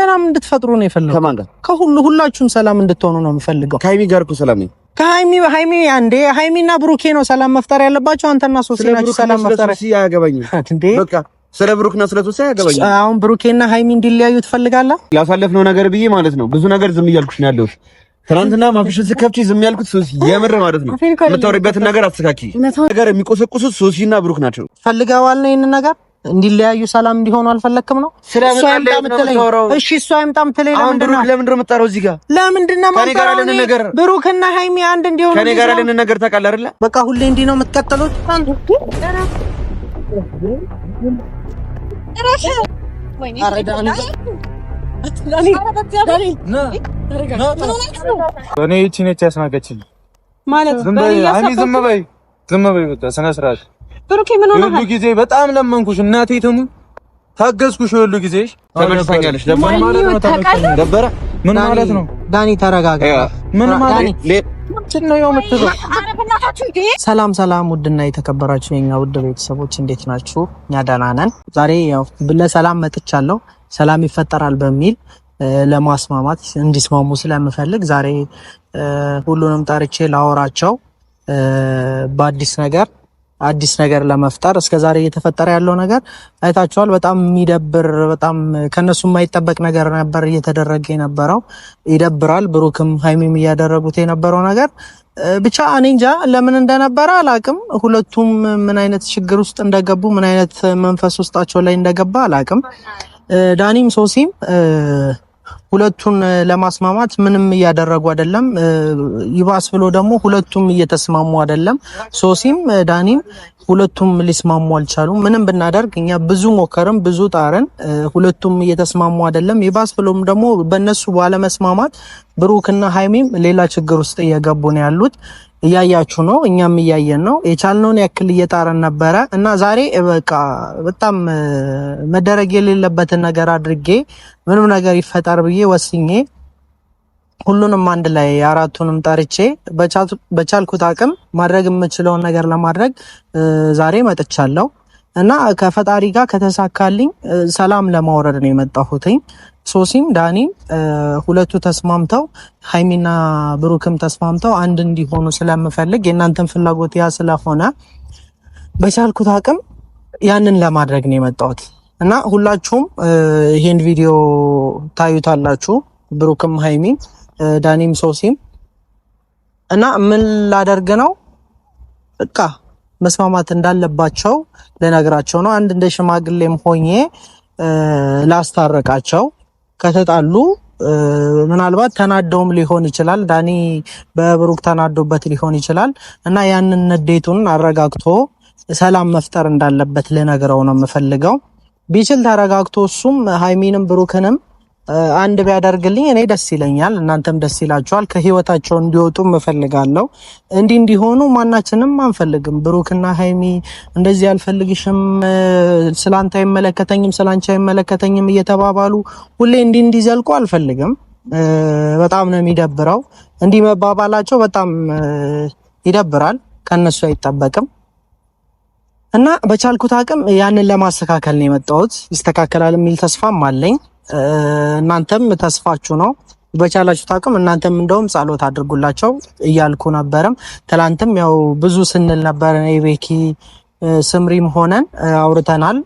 ሰላም እንድትፈጥሩ ነው የፈለገው። ከማን ጋር? ከሁሉ ሁላችሁም ሰላም እንድትሆኑ ነው የምፈልገው። ከሀይሚ ጋር እኮ ሰላም ነኝ። ከሀይሚ ሀይሚ አንዴ ሀይሚና ብሩኬ ነው ሰላም መፍጠር ያለባቸው። አንተና ሶስት ናችሁ ሰላም መፍጠር አያገባኝም። በቃ ስለ ብሩክና ስለ ሶስት አያገባኝም። አሁን ብሩኬና ሀይሚ እንዲለያዩ ትፈልጋለህ? ያሳለፍነው ነገር ብዬ ማለት ነው ብዙ ነገር ዝም እያልኩሽ ነው ያለሁት ትናንትና ማፍሽን ስከብቺ ዝም ያልኩት ሶሲ የምር ማለት ነው። የምታወሪበትን ነገር አስተካኪ ነገር የሚቆሰቁሱት ሶሲና ብሩክ ናቸው። ፈልገዋል ነው ይህንን ነገር እንዲለያዩ ሰላም እንዲሆኑ አልፈለክም ነው? እሺ፣ እሷ አይምጣ የምትለኝ ለምንድን ነው? ለምንድን ነው እዚህ ጋር? ለምንድን ነው ነገር ብሩክና ሃይሚ አንድ እንዲሆኑ ከኔ ጋር ያለን ነገር ታውቃለህ አይደለ? በቃ ሁሌ እንዲህ ነው የምትቀጥሉት። እኔ ይቺ ነች ያስናገችኝ ማለት። ዝም በይ፣ ዝም በይ፣ በቃ ስነ ስርዓት ብሩኬ ምን ሆነሃል? ሁሉ ጊዜ በጣም ለመንኩሽ እናቴ ትሙ ታገዝኩሽ። ሁሉ ጊዜ ተመልሰኛለሽ። ደበረ ማለት ነው። ደበረ ምን ማለት ነው? ዳኒ ተረጋጋ። ምን ማለት ሰላም ሰላም፣ ውድና የተከበራችሁ የኛ ውድ ቤተሰቦች እንዴት ናችሁ? እኛ ደህና ነን። ዛሬ ያው ለሰላም መጥቻለሁ። ሰላም ይፈጠራል በሚል ለማስማማት እንዲስማሙ ስለምፈልግ ዛሬ ሁሉንም ጠርቼ ላወራቸው በአዲስ ነገር አዲስ ነገር ለመፍጠር እስከዛሬ እየተፈጠረ ያለው ነገር አይታችኋል። በጣም የሚደብር በጣም ከነሱ የማይጠበቅ ነገር ነበር እየተደረገ የነበረው። ይደብራል። ብሩክም ሀይሚም እያደረጉት የነበረው ነገር ብቻ እኔ እንጃ ለምን እንደነበረ አላቅም። ሁለቱም ምን አይነት ችግር ውስጥ እንደገቡ ምን አይነት መንፈስ ውስጣቸው ላይ እንደገባ አላቅም። ዳኒም ሶሲም ሁለቱን ለማስማማት ምንም እያደረጉ አይደለም። ይባስ ብሎ ደግሞ ሁለቱም እየተስማሙ አይደለም። ሶሲም ዳኒም ሁለቱም ሊስማሙ አልቻሉም። ምንም ብናደርግ እኛ ብዙ ሞከርም ብዙ ጣርን፣ ሁለቱም እየተስማሙ አይደለም። ይባስ ብሎም ደግሞ በእነሱ ባለመስማማት ብሩክና ሀይሚም ሌላ ችግር ውስጥ እየገቡ ነው ያሉት። እያያችሁ ነው፣ እኛም እያየን ነው። የቻልነውን ያክል እየጣረን ነበረ እና ዛሬ በቃ በጣም መደረግ የሌለበትን ነገር አድርጌ ምንም ነገር ይፈጠር ብዬ ወስኜ ሁሉንም አንድ ላይ አራቱንም ጠርቼ በቻልኩት አቅም ማድረግ የምችለውን ነገር ለማድረግ ዛሬ መጥቻለሁ። እና ከፈጣሪ ጋር ከተሳካልኝ ሰላም ለማውረድ ነው የመጣሁትኝ። ሶሲም ዳኒም ሁለቱ ተስማምተው ሀይሚና ብሩክም ተስማምተው አንድ እንዲሆኑ ስለምፈልግ የእናንተን ፍላጎት ያ ስለሆነ በቻልኩት አቅም ያንን ለማድረግ ነው የመጣሁት እና ሁላችሁም ይሄን ቪዲዮ ታዩታላችሁ። ብሩክም ሀይሚ፣ ዳኒም ሶሲም እና ምን ላደርግ ነው በቃ መስማማት እንዳለባቸው ልነግራቸው ነው። አንድ እንደ ሽማግሌም ሆኜ ላስታረቃቸው ከተጣሉ ምናልባት ተናደውም ሊሆን ይችላል። ዳኒ በብሩክ ተናዶበት ሊሆን ይችላል እና ያንን ንዴቱን አረጋግቶ ሰላም መፍጠር እንዳለበት ልነግረው ነው የምፈልገው። ቢችል ተረጋግቶ እሱም ሀይሚንም ብሩክንም አንድ ቢያደርግልኝ እኔ ደስ ይለኛል፣ እናንተም ደስ ይላችኋል። ከህይወታቸው እንዲወጡ እፈልጋለሁ። እንዲህ እንዲሆኑ ማናችንም አንፈልግም። ብሩክና ሀይሚ እንደዚህ አልፈልግሽም፣ ስላንተ አይመለከተኝም፣ ስላንቺ አይመለከተኝም እየተባባሉ ሁሌ እንዲህ እንዲዘልቁ አልፈልግም። በጣም ነው የሚደብረው። እንዲህ መባባላቸው በጣም ይደብራል። ከነሱ አይጠበቅም። እና በቻልኩት አቅም ያንን ለማስተካከል ነው የመጣሁት። ይስተካከላል የሚል ተስፋም አለኝ። እናንተም ተስፋችሁ ነው በቻላችሁ አቅም እናንተም እንደውም ጸሎት አድርጉላቸው እያልኩ ነበረም። ትላንትም ያው ብዙ ስንል ነበር ቤኪ ስምሪም ሆነን አውርተናል።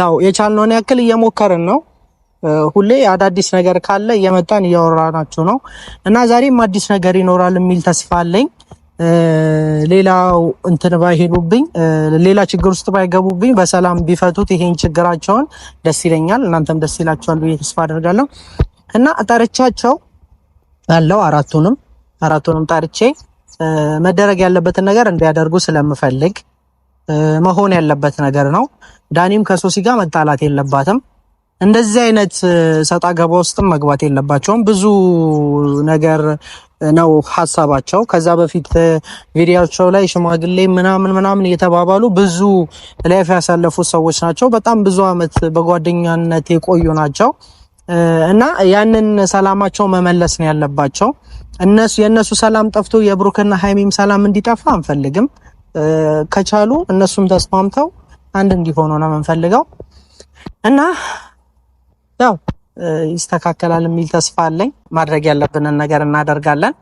ያው የቻልነውን ያክል እየሞከርን ነው። ሁሌ አዳዲስ ነገር ካለ እየመጣን እያወራናችሁ ነው እና ዛሬም አዲስ ነገር ይኖራል የሚል ተስፋ አለኝ። ሌላው እንትን ባይሄዱብኝ ሌላ ችግር ውስጥ ባይገቡብኝ በሰላም ቢፈቱት ይሄን ችግራቸውን ደስ ይለኛል። እናንተም ደስ ይላቸዋል ብዬ ተስፋ አደርጋለሁ እና ጠርቻቸው አለው አራቱንም አራቱንም ጠርቼ መደረግ ያለበትን ነገር እንዲያደርጉ ስለምፈልግ መሆን ያለበት ነገር ነው። ዳኒም ከሶሲ ጋር መጣላት የለባትም። እንደዚህ አይነት ሰጣ ገባ ውስጥም መግባት የለባቸውም። ብዙ ነገር ነው ሀሳባቸው። ከዛ በፊት ቪዲዮቸው ላይ ሽማግሌ ምናምን ምናምን እየተባባሉ ብዙ ላይፍ ያሳለፉ ሰዎች ናቸው። በጣም ብዙ አመት በጓደኛነት የቆዩ ናቸው እና ያንን ሰላማቸው መመለስ ነው ያለባቸው። እነሱ የእነሱ ሰላም ጠፍቶ የብሩክና ሀይሚም ሰላም እንዲጠፋ አንፈልግም። ከቻሉ እነሱም ተስማምተው አንድ እንዲሆኑ ነው የምንፈልገው እና ያው ይስተካከላል የሚል ተስፋ አለኝ። ማድረግ ያለብንን ነገር እናደርጋለን።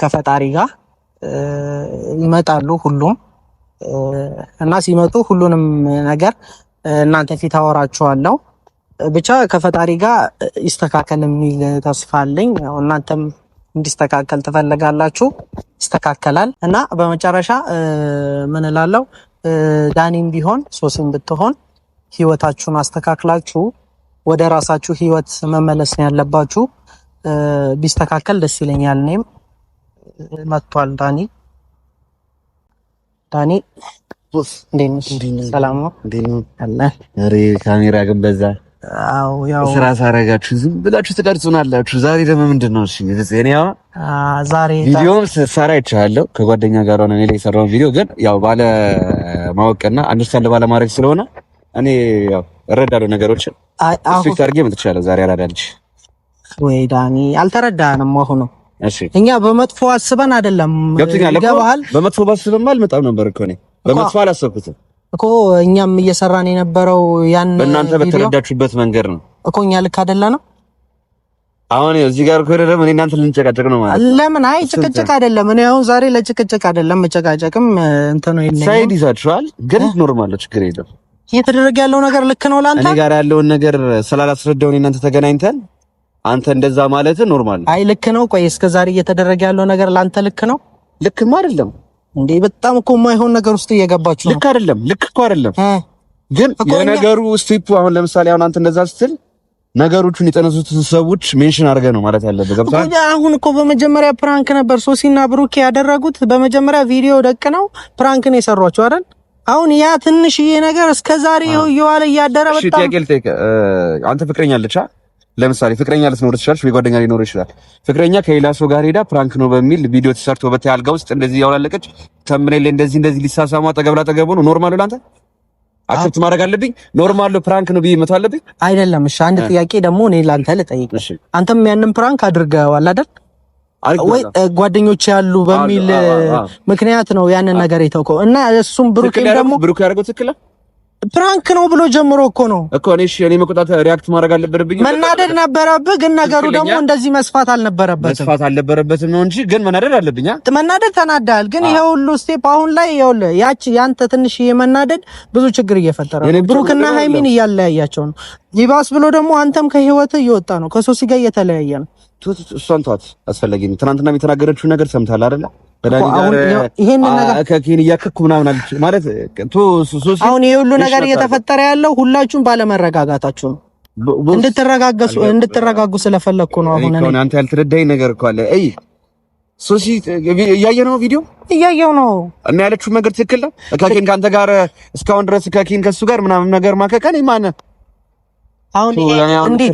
ከፈጣሪ ጋር ይመጣሉ ሁሉም እና ሲመጡ ሁሉንም ነገር እናንተ ፊት አወራችኋለሁ። ብቻ ከፈጣሪ ጋር ይስተካከል የሚል ተስፋ አለኝ። እናንተም እንዲስተካከል ትፈልጋላችሁ፣ ይስተካከላል። እና በመጨረሻ ምን እላለሁ፣ ዳኒም ቢሆን ሶስም ብትሆን ህይወታችሁን አስተካክላችሁ ወደ ራሳችሁ ህይወት መመለስ ነው ያለባችሁ። ቢስተካከል ደስ ይለኛል። እኔም መጥቷል። ዳኒ ዳኒ ሰላም ነው? ኧረ ካሜራ ግን በዛ። ያው ስራ ሳረጋችሁ ዝም ብላችሁ ትቀርጹናላችሁ። ዛሬ ደግሞ ምንድን ነው? እሺ እኔ አሁን ዛሬ ቪዲዮም ሰራ ይቻላል ከጓደኛ ጋር ሆነ እኔ ላይ የሰራውን ቪዲዮ ግን ያው ባለ ማወቅና አንደርስታንድ ባለ ማድረግ ስለሆነ እኔ ያው እረዳለሁ ነገሮችን ፊክስ አድርጌ ምትችላለሁ። ዛሬ አራዳልች ወይ ዳኒ አልተረዳንም። አሁኑ እኛ በመጥፎ አስበን አይደለም ገብቶኛል። በመጥፎ ባስበን አልመጣም ነበር እኮ እኔ በመጥፎ አላሰብኩትም እኮ እኛም እየሰራን የነበረው ያን በእናንተ በተረዳችሁበት መንገድ ነው እኮ እኛ ልክ አይደለ ነው። አሁን እዚህ ጋር እኮ ደግሞ እኔ እናንተ ልንጨቃጨቅ ነው ማለት ለምን? አይ ጭቅጭቅ አይደለም። እኔ አሁን ዛሬ ለጭቅጭቅ አይደለም መጨቃጨቅም እንትን ነው። ሳይድ ይዛችኋል፣ ግን ኖርማል ነው፣ ችግር የለም እየተደረገ ያለው ነገር ልክ ነው ላንተ እኔ ጋር ያለውን ነገር ስላላስረዳውን እናንተ ተገናኝተን አንተ እንደዛ ማለት ኖርማል አይ ልክ ነው። ቆይ እስከ ዛሬ እየተደረገ ያለው ነገር ላንተ ልክ ነው? ልክም አይደለም እንዴ! በጣም እኮ የማይሆን ነገር ውስጥ እየገባችሁ ነው። ልክ አይደለም፣ ልክ እኮ አይደለም። ግን የነገሩ ስቴፕ አሁን ለምሳሌ አሁን አንተ እንደዛ ስትል ነገሮቹን የጠነሱትን ሰዎች ሜንሽን አድርገህ ነው ማለት ያለበት። ገብቶሃል? አሁን እኮ በመጀመሪያ ፕራንክ ነበር ሶሲና ብሩኬ ያደረጉት። በመጀመሪያ ቪዲዮ ደቅ ነው ፕራንክን የሰሯቸው አይደል? አሁን ያ ትንሽዬ ነገር እስከ ዛሬ እየዋለ እያደረ በጣም። እሺ ጥያቄ ልጠይቅ። አንተ ፍቅረኛ አለች? ለምሳሌ ፍቅረኛ ልትኖር ትችላለች፣ ወይ ጓደኛ ሊኖር ይችላል። ፍቅረኛ ከሌላ ሰው ጋር ሄዳ ፕራንክ ነው በሚል ቪዲዮ ተሰርቶ በተያልጋ ውስጥ እንደዚህ ያውላለቀች ተምኔል እንደዚህ እንደዚህ ሊሳሳሙ አጠገብ ላጠገቡ ነው ኖርማል ለአንተ አክሰፕት ማድረግ አለብኝ? ኖርማል ፕራንክ ነው ብዬ መቶ አለብኝ አይደለም? እሺ አንድ ጥያቄ ደግሞ እኔ ላንተ ልጠይቅ። አንተም ያንን ፕራንክ አድርገዋል አይደል? ጓደኞች ያሉ በሚል ምክንያት ነው ያንን ነገር የተውከው እና እሱም ብሩክ ደግሞ ብሩክ ያደረገው ትክክል ፕራንክ ነው ብሎ ጀምሮ እኮ ነው እኮ እኔ እሺ፣ እኔ መቆጣት ሪያክት ማድረግ አልነበረብኝ። መናደድ ነበረብህ፣ ግን ነገሩ ደግሞ እንደዚህ መስፋት አልነበረበትም። መስፋት አልነበረበትም ነው እንጂ ግን መናደድ አለብኛ መናደድ ተናዳል፣ ግን ይሄ ሁሉ ስቴፕ አሁን ላይ ይኸውልህ፣ ያቺ ያንተ ትንሽ የመናደድ ብዙ ችግር እየፈጠረ ነው። ብሩክና ሃይሚን እያለያያቸው ነው። ይባስ ብሎ ደግሞ አንተም ከህይወት እየወጣ ነው፣ ከሶሲ ጋር እየተለያየ ነው። እሷን ተዋት። አስፈላጊም ትናንትና የተናገረችው ነገር ሰምታል አይደለ? አሁን ይህ ሁሉ ነገር እየተፈጠረ ያለው ሁላችሁም ባለመረጋጋታችሁ ነው። እንድትረጋገሱ እንድትረጋጉ ስለፈለግኩ ነው። አሁን አንተ ያልተረዳኸኝ ነገር እኮ አለ። አይ ሶሲ እያየ ነው፣ ቪዲዮ እያየው ነው እና ያለችው ነገር ትክክል ነው። ከኪን ከአንተ ጋር እስካሁን ድረስ ከኪን ከሱ ጋር ምናምን ነገር ማከከል ማን አሁን እንዲህ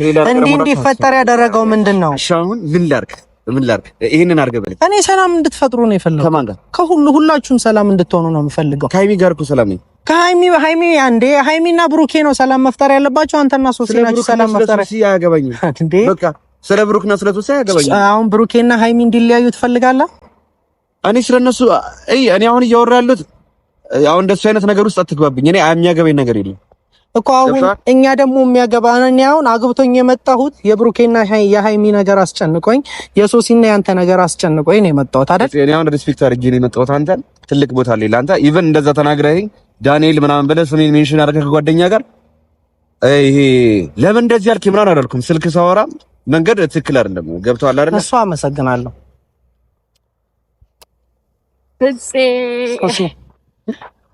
እንዲፈጠር ያደረገው ምንድን ነው? አሁን ምን ላድርግ ምን ላድርግ? ይሄንን አርገ በለኝ። እኔ ሰላም እንድትፈጥሩ ነው የፈለገው። ከማን ጋር? ከሁሉ ሁላችሁም ሰላም እንድትሆኑ ነው የምፈልገው። ከሀይሚ ጋር እኮ ሰላም ነኝ። ከሀይሚ ሀይሚ አንዴ ሀይሚና ብሩኬ ነው ሰላም መፍጠር ያለባቸው። አንተና ሶስት ናችሁ ሰላም መፍጠር አያገባኝም። እንዴ በቃ ስለ ብሩክና ስለ ሶስት አያገባኝም። አሁን ብሩኬና ሀይሚ እንዲለያዩ ትፈልጋለህ? እኔ ስለነሱ እኔ አሁን እያወራ ያለሁት አሁን እንደሱ አይነት ነገር ውስጥ አትግባብኝ። እኔ የሚያገባኝ ነገር የለም እኮ አሁን እኛ ደግሞ የሚያገባን አሁን አግብቶኝ የመጣሁት የብሩኬና የሀይሚ ነገር አስጨንቆኝ የሶሲና ያንተ ነገር አስጨንቆኝ ነው የመጣሁት አይደል? እኔ አሁን ሪስፔክት አድርጌ ነው የመጣሁት። አንተን ትልቅ ቦታ አለ ለአንተ። ኢቨን እንደዛ ተናግረኸኝ ዳንኤል ምናምን ብለህ ስሜን ሜንሽን አድርገህ ከጓደኛ ጋር ይሄ ለምን እንደዚህ አልክ ምናምን አላልኩም። ስልክ ሳወራ መንገድ ትክክል አይደለም። ገብቶሃል አይደል? እሱ አመሰግናለሁ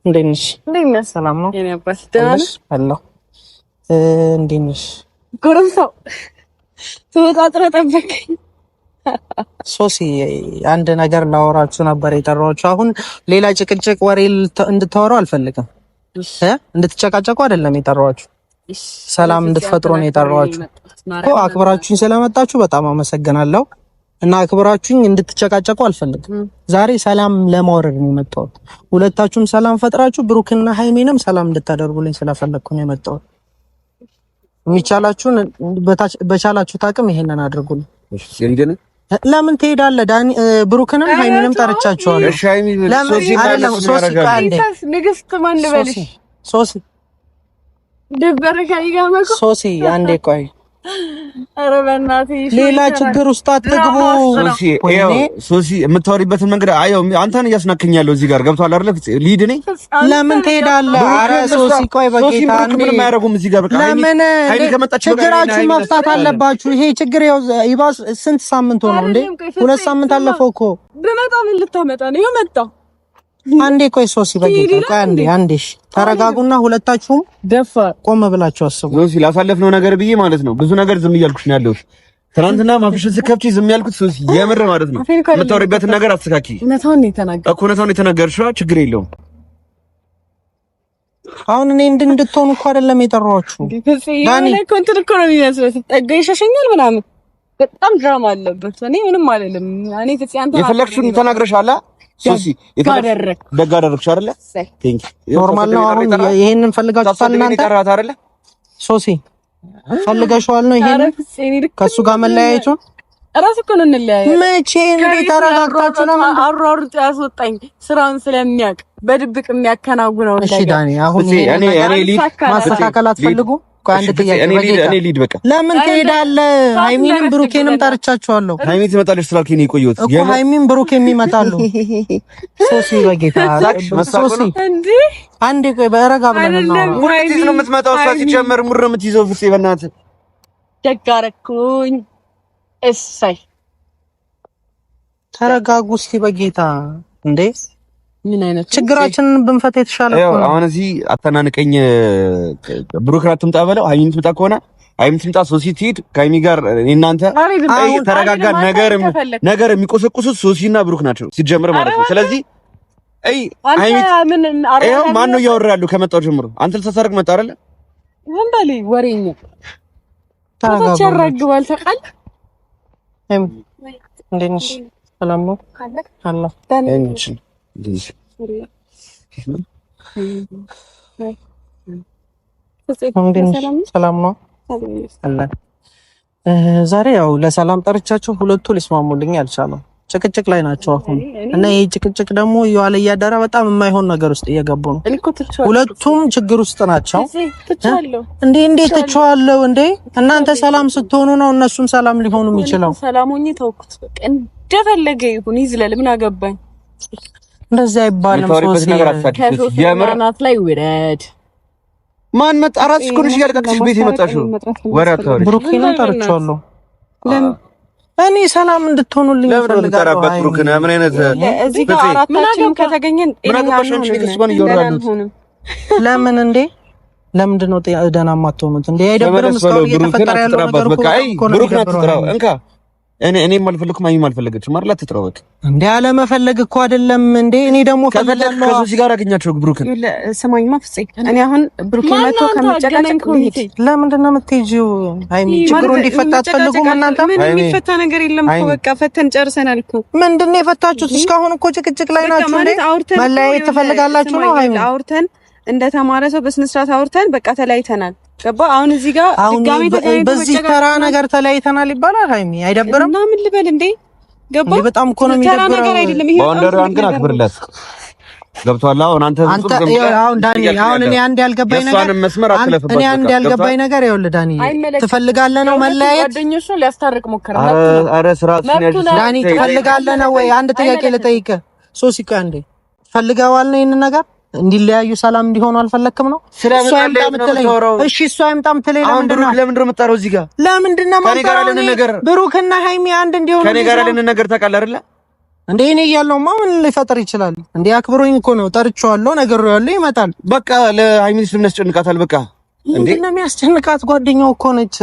እንዴት ነሽ? እንዴት ነሽ? ሰላም ነው? የኔ አባት ደህና ነሽ? አለሁ። እንዴት ነሽ? ጎረምሳው ተወጣጥረ ጠበቀኝ። ሶሲ አንድ ነገር ላወራችሁ ነበር የጠራኋችሁ። አሁን ሌላ ጭቅጭቅ ወሬ እንድታወሩ አልፈልግም። እንድትጨቃጨቁ አይደለም የጠራኋችሁ፣ ሰላም እንድትፈጥሩ ነው የጠራኋችሁ። አክብራችሁኝ ስለመጣችሁ በጣም አመሰግናለሁ። እና አክብራችሁኝ እንድትጨቃጨቁ አልፈልግም። ዛሬ ሰላም ለማውረድ ነው የመጣሁት። ሁለታችሁም ሰላም ፈጥራችሁ ብሩክና ሀይሜንም ሰላም እንድታደርጉልኝ ስለፈለግኩ ነው የመጣሁት። የሚቻላችሁን በቻላችሁ ታቅም ይሄንን አድርጉልኝ። ለምን ትሄዳለህ? ዳኒ ብሩክንም ሀይሜንም ጠርቻችኋለሁ። ሶሲ አንዴ ቆይ ሌላ ችግር ውስጥ አትግቡ። ሶሲ የምታወሪበትን መንገድ አየው። አንተን እያስናከኝ ያለው እዚህ ጋር ገብቷል አይደለ? ሊድ ነኝ። ለምን ትሄዳለህ? ኧረ ሶሲ ቆይ፣ በጌታ ምንም አያደርጉም እዚህ ጋር። ለምን ችግራችሁን መፍታት አለባችሁ። ይሄ ችግር ያው ይባስ ስንት ሳምንት ሆነው እንዴ? ሁለት ሳምንት አለፈው እኮ። በመጣ ምን ልታመጣ ነው? ይኸው መጣ አንዴ ቆይ ሶሲ በጌታ ቆይ አንዴ አንዴ ተረጋጉና ሁለታችሁም ደፋ ቆም ብላችሁ አስቡ። ሶሲ ላሳለፍነው ነገር ብዬ ማለት ነው ብዙ ነገር ዝም እያልኩሽ ነው ያለሁት። ትናንትና ማፍሽን ስከፍቺ ዝም ያልኩት ሶሲ የምር ማለት ነው። የምታወሪበትን ነገር አስተካኪ እውነታውን ነው የተናገርኩት እኮ እውነታውን ነው የተናገርሽው። ችግር የለውም። አሁን እኔ እንድን እንድንድትሆኑ እኮ አይደለም የጠራኋችሁ። ዳኒ እንትን እኮ ነው የሚመስለው ጠጋ ይሸሸኛል ምናምን በጣም ድራማ አለበት። እኔ ምንም አልልም። እኔ ተጽያን ተናግረሻል ደግ አደረግሽ አይደለ? ኖርማል ነው። አሁን ይሄንን ፈልጋችሁታል እናንተ ሶሲ ፈልገሽዋል ነው ይሄን ከሱ ጋር መለያየቱ እራሱ እኮ ነው እንለያየ። መቼ እንዴት ተረጋግታችሁ ነው? አሯሩጦ ያስወጣኝ ስራውን ስለሚያውቅ በድብቅ የሚያከናውነው። እሺ ዳኒ፣ አሁን እኔ እኔ ማስተካከል አትፈልጉ አንድ ጥያቄ እኔ በቃ። ለምን ትሄዳለህ? ሃይሚንም ብሩኬንም ጠርቻቸዋለሁ። ሃይሚ ትመጣለች ስላልከኝ ነው የቆየሁት እኮ። ሃይሚም ብሩኬም ሶሲ በጌታ ሶሲ፣ አንድ ቆይ፣ በረጋ ብለን ነው የምትመጣው እሷ። ሲጀመር ሙር ነው የምትይዘው። ፍፄ በእናትህ እሰይ ተረጋጉ እስኪ በጌታ እንዴ ችግራችንን ብንፈታ የተሻለ ነው። አሁን እዚህ አተናንቀኝ ብሩክ ናት በለው። ሀይሚ ትምጣ ከሆነ ሀይሚ ትምጣ፣ ሶሲ ትሂድ ከሀይሚ ጋር እናንተ ተረጋጋ። ነገር የሚቆሰቁሱት ሶሲና ብሩክ ናቸው ሲጀምር ማለት ነው። ስለዚህ ማን ነው እያወራ ያሉ ከመጣው ጀምሮ አንተ ልተሰርቅ መጣ አይደለ? ምን በል ወሬኛ ታታች ያራግባል። ተቃል ሰላም ነው አላ ሰላም ነው። ዛሬ ያው ለሰላም ጠርቻቸው ሁለቱ ሊስማሙልኝ አልቻለም። ጭቅጭቅ ላይ ናቸው አሁን እና ይህ ጭቅጭቅ ደግሞ እየዋለ እያደረ በጣም የማይሆን ነገር ውስጥ እየገቡ ነው። ሁለቱም ችግር ውስጥ ናቸው። እንዴ እንዴ ትችዋለሁ እንዴ እናንተ ሰላም ስትሆኑ ነው እነሱም ሰላም ሊሆኑ የሚችለው። ሰላም ሆኜ ተውኩት። እንደፈለገ ይሁን ይዝለል፣ ምን አገባኝ። እንደዚህ አይባልም። የምናት ላይ ውረድ። ማን መጣ? እራስሽ እኮ ነሽ እያለቀቅሽ ቤት የመጣሽው። ወሬ አታውሪ። ብሩኬን ጠርቼዋለሁ። እኔ ሰላም እንድትሆኑልኝ ለምን እንጠራበት? ብሩክን ምን አይነት እዚህ ጋር አራታችን ከተገኘን ለምን እንዴ? ለምንድን ነው ደህና የማትሆኑት? እንደ አይደብርም? እስካሁን እየተፈጠረ ያለው ነገር እኮ ነው። ብሩክን አትጥራው እንካ እኔ እኔ ማልፈልኩ ማይ ማልፈለገች ማርላ ተጥራወቅ እንዴ አለ አለመፈለግ እኮ አይደለም እንዴ። እኔ ደግሞ ከፈለግ ከዚህ ጋር አገኛቸው ብሩክን። ስማኝማ ፍፄ እኔ አሁን ብሩክ መጥቶ ከመጨቃጨቅ ለምንድን ነው የምትሄጂው? ሃይሚ ችግሩ እንዲፈታ አትፈልጉም እናንተ? የሚፈታ ነገር የለም እኮ በቃ ፈተን ጨርሰናል እኮ። ምንድን ነው የፈታችሁት? እስካሁን እኮ ጭቅጭቅ ላይ ናችሁ እንዴ? መለያየት ትፈልጋላችሁ ነው ሃይሚ አውርተን እንደተማረ ሰው በስነ ስርዓት አውርተን በቃ ተለያይተናል። ገባ አሁን እዚህ ጋር ድጋሜ ተገናኝተን በዚህ ተራ ነገር ተለያይተናል ይባላል። ሀይሚ አይደብርም እና ምን ልበል እንዴ? ገባ በጣም ኢኮኖሚ ተራ ነገር አይደለም ይሄ ባውንደሪዋን ግን አክብርለት። ገብቷል። አሁን አንተ አንተ አሁን ዳኒ አሁን እኔ አንድ ያልገባኝ ነገር እሷንም መስመር አትለፍበት። እኔ አንድ ያልገባኝ ነገር ይኸውልህ ዳኒ ትፈልጋለህ ነው መለያየት? ጓደኞቹን ሊያስታርቅ ሞከረ። ኧረ ስርዓት ዳኒ ትፈልጋለህ ነው ወይ? አንድ ጥያቄ ልጠይቅህ። ሶሲ አንዴ ትፈልገዋል ነው ይሄንን ነገር እንዲለያዩ ሰላም እንዲሆኑ አልፈለክም ነው? እሺ፣ እሷ ይምጣ የምትለኝ ለምንድን ነው? ለምንድን እዚህ ጋር? ለምንድን ነው የምትጠራው? ብሩክና ሃይሚ አንድ እንዲሆኑ ከኔ ጋር ነገር ታውቃለህ አይደለ? እንዴ እኔ እያለሁማ ምን ሊፈጠር ይችላል? እንዴ አክብሮኝ እኮ ነው ጠርቼዋለሁ፣ ነግሬዋለሁ፣ ይመጣል። በቃ ለሃይሚንስ ምን ያስጨንቃታል? በቃ እንዴ ምንድን ነው የሚያስጨንቃት? ጓደኛው እኮ ነች።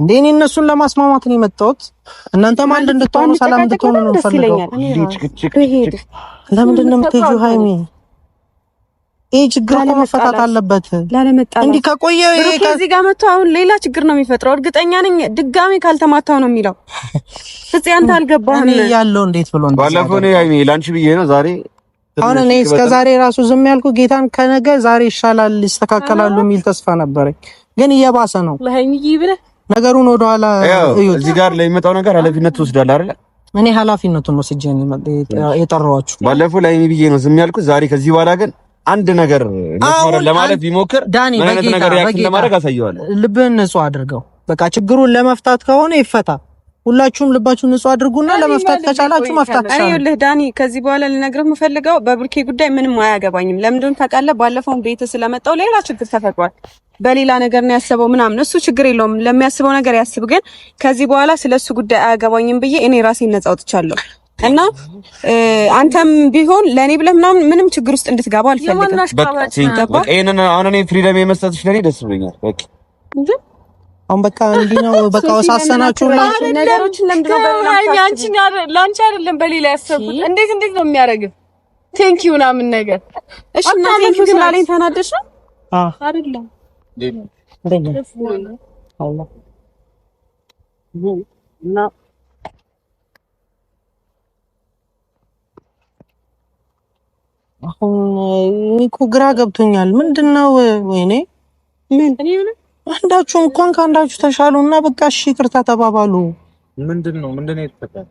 እንዴ እኔ እነሱን ለማስማማት ነው የመጣሁት። እናንተም አንድ እንድትሆኑ ሰላም እንድትሆኑ ነው የምፈልገው። ለምንድን ነው የምትሄጂው ሃይሚ ይህ ችግር እኮ መፈታት አለበት። እንዲህ ከቆየ ከዚህ ጋር መጥቶ አሁን ሌላ ችግር ነው የሚፈጥረው። እርግጠኛ ነኝ ድጋሚ ካልተማታው ነው የሚለው። ፍፄ አንተ አልገባህም ያለው እንዴት ብሎ ባለፈው ነው እኔ ላንቺ ብዬ ነው ዛሬ አሁን እኔ እስከ ዛሬ ራሱ ዝም ያልኩ ጌታን ከነገ ዛሬ ይሻላል ይስተካከላሉ የሚል ተስፋ ነበረኝ፣ ግን እየባሰ ነው። ነገሩን ወደኋላ እዚህ ጋር ለሚመጣው ነገር ኃላፊነት ትወስዳለህ አይደል? እኔ ኃላፊነቱን ወስጄ ነው የጠራኋችሁ ባለፈው ላይ ብዬ ነው ዝም ያልኩ፣ ዛሬ ከዚህ በኋላ ግን አንድ ነገር ለማለት ቢሞክር ዳኒ ነገር ያክል ለማድረግ አሳየዋለሁ። ልብህን ንጹህ አድርገው። በቃ ችግሩን ለመፍታት ከሆነ ይፈታ። ሁላችሁም ልባችሁን ንጹህ አድርጉና ለመፍታት ከቻላችሁ መፍታት ትችላላችሁ። እኔ ይኸውልህ ዳኒ፣ ከዚህ በኋላ ልነግርህ የምፈልገው በብርኬ ጉዳይ ምንም አያገባኝም። ለምንድን ታውቃለህ? ባለፈው ቤት ስለመጣው ሌላ ችግር ተፈጥሯል። በሌላ ነገር ነው ያሰበው ምናምን። እሱ ችግር የለውም ለሚያስበው ነገር ያስብ። ግን ከዚህ በኋላ ስለሱ ጉዳይ አያገባኝም ብዬ እኔ ራሴን ነጻ አውጥቻለሁ። እና አንተም ቢሆን ለእኔ ብለህ ምናምን ምንም ችግር ውስጥ እንድትገባ አልፈልግም። በቃ ይሄንን አሁን እኔ ፍሪደም የመስጠትሽ ለእኔ ደስ ብሎኛል። በቃ አሁን በቃ እንዲህ ነው። በቃ ወሳሰናችሁ ነገሮችን ለምንድን ነው ለአንቺ አይደለም በሌላ ያሰብኩት። እንዴት እንዴት ነው የሚያደርግህ? ቴንክ ዩ ምናምን ነገር እሺ። እና ቴንክ ዩ ስላለኝ ተናደሽ ነው አይደለም? እንዴት ነው እና አሁን እኮ ግራ ገብቶኛል። ምንድነው? ወይኔ ምን አንዳችሁም እንኳን ከአንዳችሁ ተሻሉ እና በቃ እሺ ይቅርታ ተባባሉ። ምንድነው ምንድነው የተፈጠረ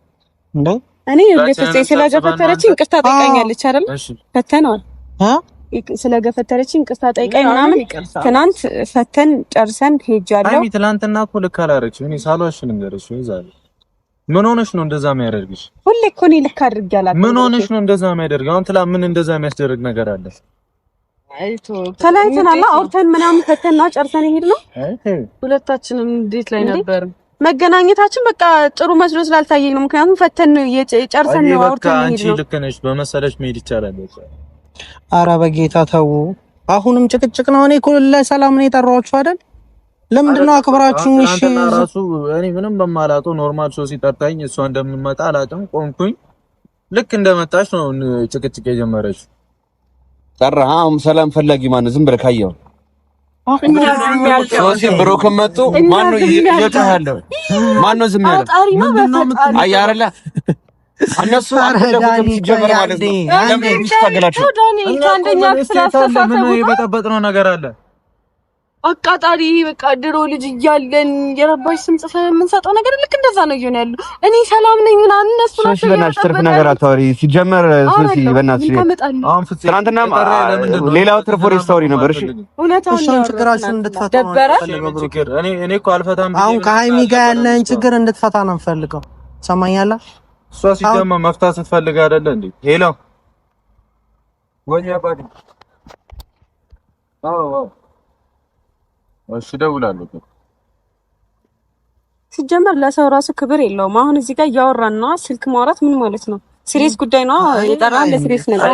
እንዴ? እኔ ቤተሰብ ስለገፈተረችኝ ይቅርታ ጠይቃኛለች አይደል? ፈተነዋል እ ስለገፈተረችኝ ይቅርታ ጠይቃኝ ምናምን ትናንት ፈተን ጨርሰን ሄጃለሁ። አይ ትናንትና እኮ ልክ አላረችም። እኔ ሳሏሽ ልንገርሽ ዛሬ ምን ሆነሽ ነው እንደዛ የሚያደርግሽ? ሁሌ እኮ እኔ ልክ አድርጌ አላውቅም። ምን ሆነሽ ነው እንደዛ የሚያደርግ? አሁን ትላ ምን እንደዛ የሚያስደርግ ነገር አለ? ተለያይተናል፣ አውርተን ምናምን ፈተና ጨርሰን ይሄድ ነው ሁለታችንም። እንዴት ላይ ነበር መገናኘታችን? በቃ ጥሩ መስሎ ስላልታየኝ ነው። ምክንያቱም ፈተን ነው ነው አውርተን ይሄድ ነው። ልክ ነሽ፣ በመሰለሽ መሄድ ይቻላል። አረ በጌታ ተው፣ አሁንም ጭቅጭቅ ነው። እኔ እኮ ለሰላም ነው የጠራኋችሁ አይደል ለምንድነው አክብራችሁ? እሺ ራሱ እኔ ምንም በማላውቀው ኖርማል ሰው ሲጠርታኝ እሷ እንደምመጣ አላውቅም። ቆንኩኝ ልክ እንደመጣች ነው ጭቅጭቅ የጀመረች። ጠራህ? አሁን ሰላም ፈላጊ ማነው? ዝም ብለህ ካየኸው ሶሲ ዝም ያለው? አይ እነሱ ማለት ነው። አንደኛ ነው ነገር አለ አቃጣሪ በቃ ድሮ ልጅ እያለን የረባሽ ስም ጽፈ የምንሰጠው ነገር ልክ እንደዛ ነው እየሆነ ያሉ። እኔ ሰላም ነኝ ምናምን እነሱ ናቸው። በእናትሽ ትርፍ ነገር አታወሪ። ሲጀመር ሱሲ በእናትሽ ትናንትና ሌላው ትርፍ ወሬ ስታወሪ ነበር። እሺ እሱን ችግራችን እንድትፈታ ነበረ። አሁን ከሀይሚ ጋር ያለን ችግር እንድትፈታ ነው የምፈልገው። ሰማኛላ። እሷ ሲጀመር መፍታት ስትፈልግ አይደለ እንዴ? ሄሎ ባዲ አዎ አዎ እሺ እደውላለሁ። ግን ሲጀመር ለሰው ራሱ ክብር የለውም። አሁን እዚህ ጋር እያወራና ስልክ ማውራት ምን ማለት ነው? ሲሪየስ ጉዳይ ነው የጠራን ለሲሪየስ ነገር ነው።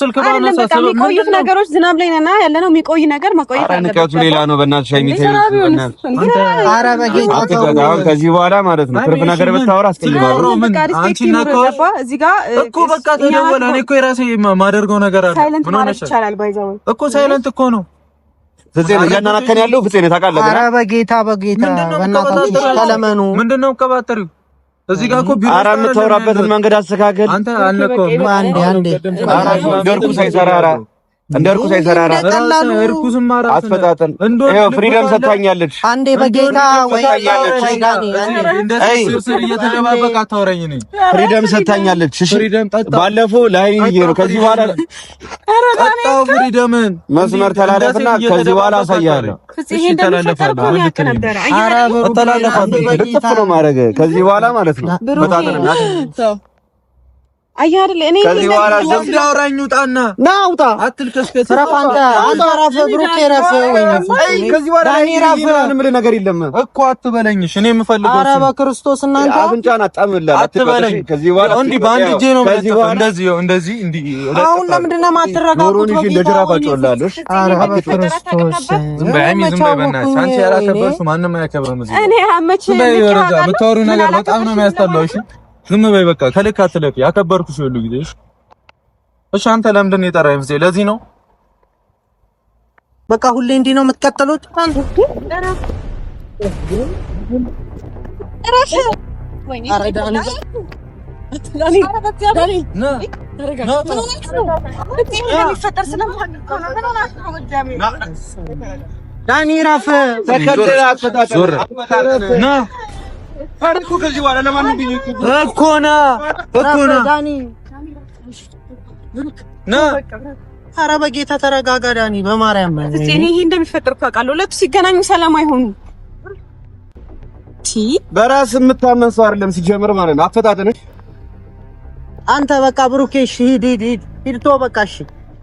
ስልክ ማውራት ነው። የሚቆዩት ነገሮች ዝናብ ላይ ነና ያለ ነው የሚቆይ ነገር መቆየት ንቀቱ ሌላ ነው። በእናትሽ ከዚህ በኋላ ማለት ነው ትርፍ ነገር ብታወራ አስቀይማለሁ። እዚህ ጋር እኮ በቃ ተደወለ። እኔ እኮ የራሴ ማደርገው ነገር አለ። ምን ሆነሻል? እኮ ሳይለንት እኮ ነው ፍፄ ነው እያናናከን ያለው ፍፄ ነው ታውቃለህ። ኧረ በጌታ በጌታ በእናታችሁ ተለመኑ። ምንድን ነው የምትቀባጠሪው? እዚህ ጋር እኮ ቢሮ ኧረ መንገድ አስተካክል። አንተ አልነካሁም። አንዴ አንዴ ኧረ ጆሮኩ ሳይሰራ እንደ እርኩስ አይሰራራ እርኩስም አትፈጣጠን። ይኸው ፍሪደም ሰጥታኛለች። አንዴ በጌታ ወይ ፍሪደም ሰጥታኛለች። እሺ ባለፈው ላይ ነው። ከዚህ በኋላ ፍሪደምን መስመር ተላለፍና ከዚህ በኋላ አሳያለሁ። ከዚህ በኋላ ማለት ነው አየህ አይደል? እኔ ከዚህ በኋላ ዝም አውራኝ። ውጣና ና ውጣ፣ አትልከስከስ። እረፍ አንተ አንተ እረፍ፣ ብሩኬ እረፍ። ከዚህ በኋላ ምንም ነገር የለም እኮ አትበለኝሽ። እኔ የምፈልገው ኧረ በክርስቶስ እናንተ አብንጫና ጣምላ አትበለኝ። ከዚህ በኋላ እንዲህ በአንድ እጄ ነው እንደዚህ እንደዚህ እንዲህ። አሁን ለምንድን ነው የማትረጋጉት? ወዲህ እንደ ጅራፋጭ ወላለሽ። ኧረ በክርስቶስ ዝም በይ ሃይሚ፣ ዝም በይ በእናትሽ። አንቺ ያላከበርሽው ማንም አያከብርም። እዚህ እኔ አመቼ ነው የምታወሪው ነገር በጣም ነው የሚያስጠላው። እሺ ዝም በይ በቃ ከልክ አትለፊ። ያከበርኩሽ ሁሉ ጊዜ እሺ። አንተ ለምንድን የጠራኸኝ? ምስቴ ለዚህ ነው በቃ ሁሌ እንዲህ ነው የምትቀጥሉት። ዳኒ ራፍ ኧረ በጌታ ተረጋጋ ዳኒ፣ በማርያም እኔ ይሄ እንደሚፈጠር ታውቃለህ። ሁለቱ ሲገናኙ ሰላም አይሆኑም። በራስ የምታመን ሰው አይደለም ሲጀምር ማለት ነው። አፈታተነች አንተ በቃ ብሩኬ፣ እሺ ሂድ ሂድ ሂድ ሂድ፣ ተወው በቃ እሺ፣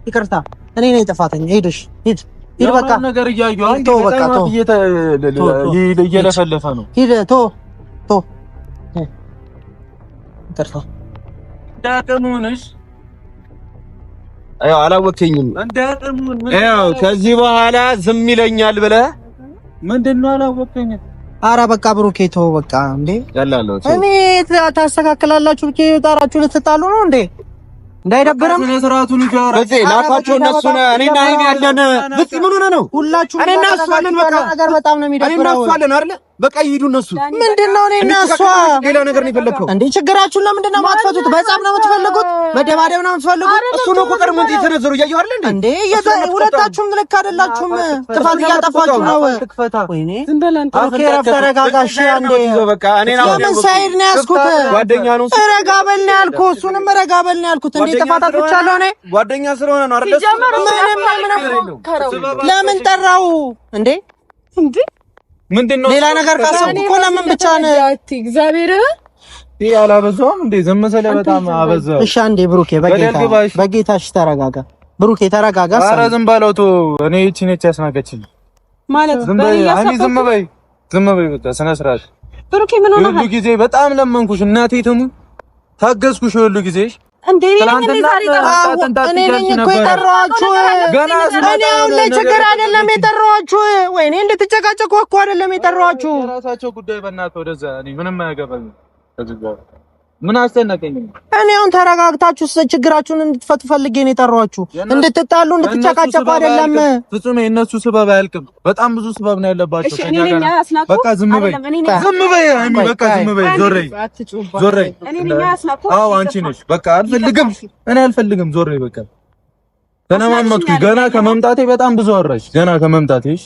ይቅርታ እኔ ነኝ ጥፋተኛ። ሂድ እሺ ሂድ ሂድ፣ በቃ ነገር እያየሁ አንተ በቃ ተወው፣ እየለፈለፈ ነው። ሂድ ተወው አላወከኝም። ከዚህ በኋላ ዝም ይለኛል ብለህ ምንድን ነው? አላወከኝም። አረ በቃ ብሩኬ ተው በቃ። እንዴ እኔ ታስተካክላላችሁ ብቻ ጣራችሁ ልትጣሉ ነው እንዴ? እንዳይደብረም ስነ ስርዓቱን ይጋራ እዚህ ላፋቸው እነሱ ነው። እኔና ይሄ ያለን ብጽ ምን ሆነ ነው ሁላችሁም። እኔና እሱ አለን በቃ ነገር በጣም ነው የሚደብረው። እኔና እሱ አለን አይደል በቃ ይሄዱ እነሱ። ምንድነው እኔ እና እሷ ሌላ ነገር ነው የፈለግከው እንዴ? ችግራችሁን ለምንድን ነው የማትፈቱት? በጻም ነው የምትፈልጉት? መደባደብ ነው የምትፈልጉት? እሱ ነው ቁጥር ምን የተነዘሩ እያየሁ አይደል እንዴ? ሁለታችሁም ልክ አይደላችሁም። ጥፋት እያጠፋችሁ ነው። ወይኔ ኦኬ ረፍ ተረጋጋሽ አንዴ። በቃ እኔ ነው ምን ሳይድ ነው ያስኩት? ጓደኛ ነው ረጋ በል ነው ያልኩት። እሱንም ረጋ በል ነው ያልኩት። እንዴ ጥፋት አጥፍቻለሁ እኔ ጓደኛ ስለሆነ ነው አይደል? ለምን ጠራው እንዴ? እንዴ ምንድነው ሌላ ነገር ካሰብኩ እኮ ለምን ብቻ ነው እግዚአብሔር አላበዛውም እንዴ? ዝም ስለ በጣም እሺ አንዴ ብሩኬ፣ በጌታ በጌታሽ ተረጋጋ። ብሩኬ ተረጋጋ። ኧረ ዝም በለው ቶ እኔ ነች ያስናገችኝ ማለት ዝም በይ፣ ዝም በይ፣ በቃ ስነ ስርዓት ብሩኬ። ምን ሁሉ ጊዜ በጣም ለመንኩሽ፣ እናቴ ታገዝኩሽ፣ ሁሉ እንዴ እኔ ነኝ እኮ የጠራኋችሁ። አይደለም ወይኔ እንድትጨቃጨቁ እኮ አይደለም የጠራኋችሁ። የራሳቸው ጉዳይ። በእናትህ ወደዛ ምንም አያገባኝም። ምን አስጨነቀኝ? እኔ አሁን ተረጋግታችሁ ችግራችሁን እንድትፈቱ ፈልጌ ነው የጠራኋችሁ። እንድትጣሉ እንድትጨቃጨቁ አይደለም። ፍጹም የእነሱ ስበብ አያልቅም። በጣም ብዙ ስበብ ነው ያለባቸው። በቃ ዝም በይ፣ ዝም በይ፣ በቃ ዝም በይ። ዞረይ፣ ዞረይ። አዎ አንቺ ነሽ። በቃ አልፈልግም፣ እኔ አልፈልግም። ዞረይ፣ በቃ ተነማመጥኩኝ። ገና ከመምጣቴ በጣም ብዙ አወራሽ፣ ገና ከመምጣቴሽ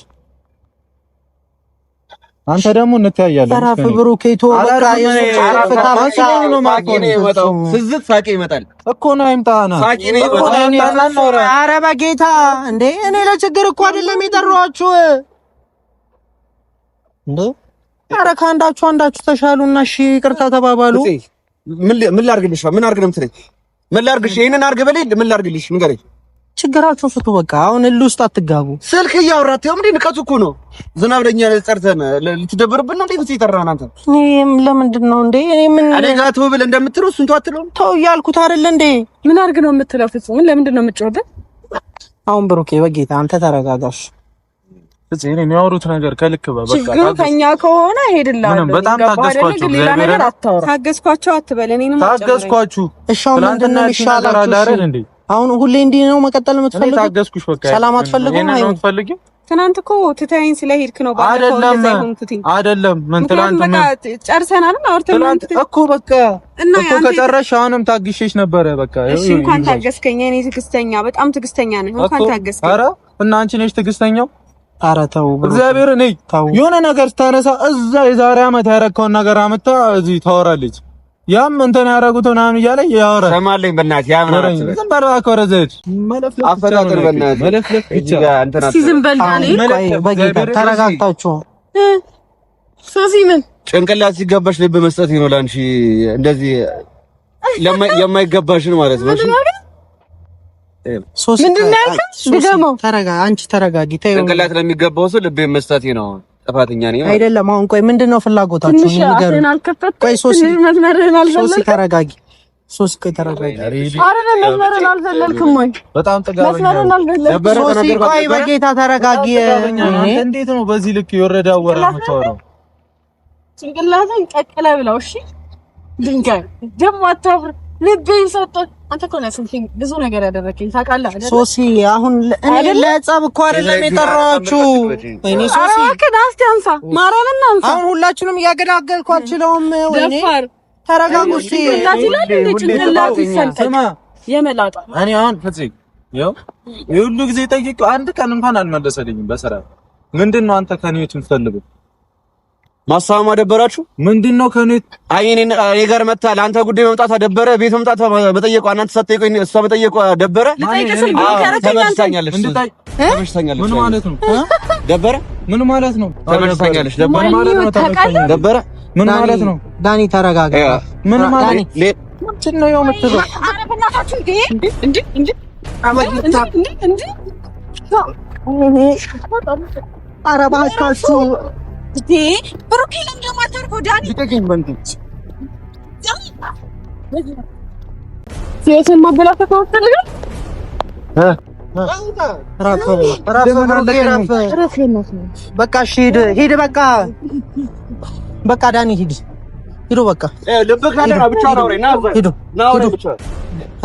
አንተ ደግሞ እንተያያለን። አራፍ ብሩኬቶ በቃ ይመጣል እኮ ነው። አይምጣና በጌታ እንዴ! እኔ ለችግር እኮ አይደለም የጠራኋችሁ እንዴ! ኧረ ከአንዳችሁ አንዳችሁ ተሻሉና እሺ፣ ይቅርታ ተባባሉ። ምን ላድርግልሽ? ምን አድርግ ነው የምትለኝ? ምን ላርግልሽ? ይሄንን በለኝ። ምን ላድርግልሽ? ንገረኝ ችግራቸው ፍቱ። በቃ አሁን እልህ ውስጥ አትጋቡ። ስልክ እያወራት ያው እንዴ ንቀቱ እኮ ነው። ዝናብ ለኛ ጠርተን ልትደብርብን ነው እንዴ? ፍት ይጠራና አንተ እኔም ለምንድን ነው እንዴ? እኔ ምን አደጋ ትብል እንደምትለው እሱን ተው አትለውም? ተው እያልኩት አይደለ እንዴ? ምን አድርግ ነው የምትለው? ፍጹም ለምንድን ነው የምትጮህበት? አሁን ብሩኬ በጌታ አንተ ተረጋጋሽ። እዚህ እኔ የሚያወሩት ነገር ከልክ በበቃ ችግሩ ከኛ ከሆነ ሄድላለሁ። በጣም ታገስኳችሁ፣ ሌላ ነገር አታወራ። ታገስኳችሁ አትበል። እኔንም ታገስኳችሁ። እሺ አሁን ምንድን ነው የሚሻላችሁ? አሁን ሁሌ እንዲህ ነው መቀጠል የምትፈልገው? ታገስኩሽ። በቃ ሰላም አትፈልጉም? አይ ትናንት እኮ ትተኸኝ ስለሄድክ ነው። አይደለም አይደለም። ምን ትናንት ምን ጨርሰናል እኮ በቃ እኮ ከጨረሽ አሁንም ታግሼሽ ነበረ። በቃ እሺ፣ እንኳን ታገስከኝ። እኔ ትዕግስተኛ፣ በጣም ትዕግስተኛ ነኝ። እንኳን ታገስከኝ። ኧረ እና አንቺ ነሽ ትዕግስተኛው። ተው እግዚአብሔር። እኔ የሆነ ነገር ስታነሳ እዛ የዛሬ አመት ያረከውን ነገር አመጣ እዚህ ታወራለች ያም እንትን ያደረጉት ምናምን እያለ ያወራ ሰማለኝ በእናትህ ያም ናቸው። ዝም በል እባክህ ወደ እዚያ አፈጣጠር በእናትህ ብቻ እስኪ ዝም በል ተረጋግታችሁ ሶሲ ምን ጭንቅላት ሲገባሽ ልብ መስጠት ነው ለአንቺ እንደዚህ የማይገባሽን ማለት ነው። ሶሲ ምንድን ነው ያልከኝ? ተረጋ አንቺ ተረጋጊ። ጭንቅላት ለሚገባው ሰው ልብ መስጠት ነው። ጥፋተኛ ነኝ አይደለም። አሁን ቆይ ምንድን ነው ፍላጎታችሁ? ቆይ ሶሲ ሶሲ ተረጋጊ። ሶሲ ቆይ ተረጋጊ። አረን መስመርን አልዘለልክም ወይ? በጣም ጥጋበኛ መስመርን አልዘለልክም። ሶሲ ቆይ በጌታ ተረጋጊ። እንዴት ነው በዚህ ልክ የወረደ አወራ የምታወራው? ጭንቅላትን ቀቅለ ብለው እሺ። ድንጋይ ደም አታብር ልቤን ሰጠት አንተ እኮ ነህ ስልኬን ብዙ ነገር ያደረከኝ ታውቃለህ አይደል? ሶሲ አሁን እኔ ለጸብ እኮ አይደለም የጠራኋችሁ። ወይኔ ሶሲ፣ ኧረ እባክህ አስቲ አንሳ፣ ማርያምን አንሳ። አሁን ሁላችሁንም እያገዳገልኩ አልችለውም። ወይኔ ተረጋጉ። እስቲ ጭንቅላት ይላል እንዴ ጭንቅላት ይሰልጠኝ። የመላጣ እኔ አሁን ፍፄ ይኸው የሁሉ ጊዜ ጠይቀው አንድ ቀን እንኳን አልመለሰልኝም። በሰራ ምንድን ነው አንተ ከኔ የምትፈልገው? ማሳማ ደበራችሁ ነው ከኔት አይኔ እኔ ጋር መጣ። ለአንተ ጉዳይ መምጣት አደበረ። ቤት መምጣት መጠየቋ አንተ ሳትጠይቁኝ እሷ መጠየቋ ደበረ። ምን ማለት ነው ደበረ? ምን ማለት ነው ምን ማለት ነው? ዳኒ ተረጋጋ። ምን ማለት ነው ብሩኬ ለምንድን ነው የማታደርገው? ዳኒ ሲወስን ማበላሸት አትፈልግም? በቃ እሺ፣ ሂድ ሂድ፣ በቃ በቃ፣ ዳኒ ሂድ ሂዱ፣ በቃ ሂዱ።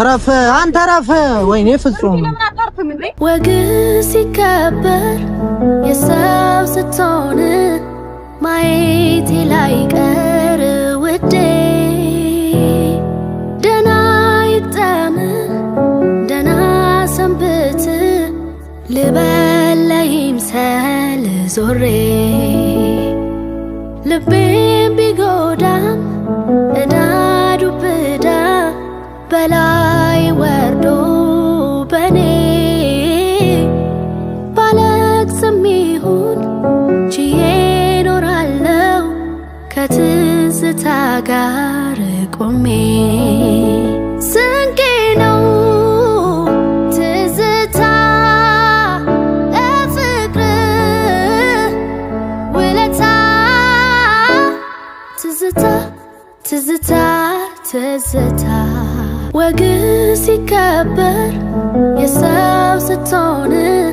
ረፍ አንተ ረፍ። ወይኔ ፍጹም ወግ ሲከበር የሰብ ስትሆን ማየቴ ላይቀር ውዴ ደና ይግጠም ደና ሰንብት ልበል ለይምሰል ዞሬ ልቤም ቢጎዳም እዳ ዱብ በላይ ወርዶ ትዝታ ወግ ሲከበር የሰው ስትሆን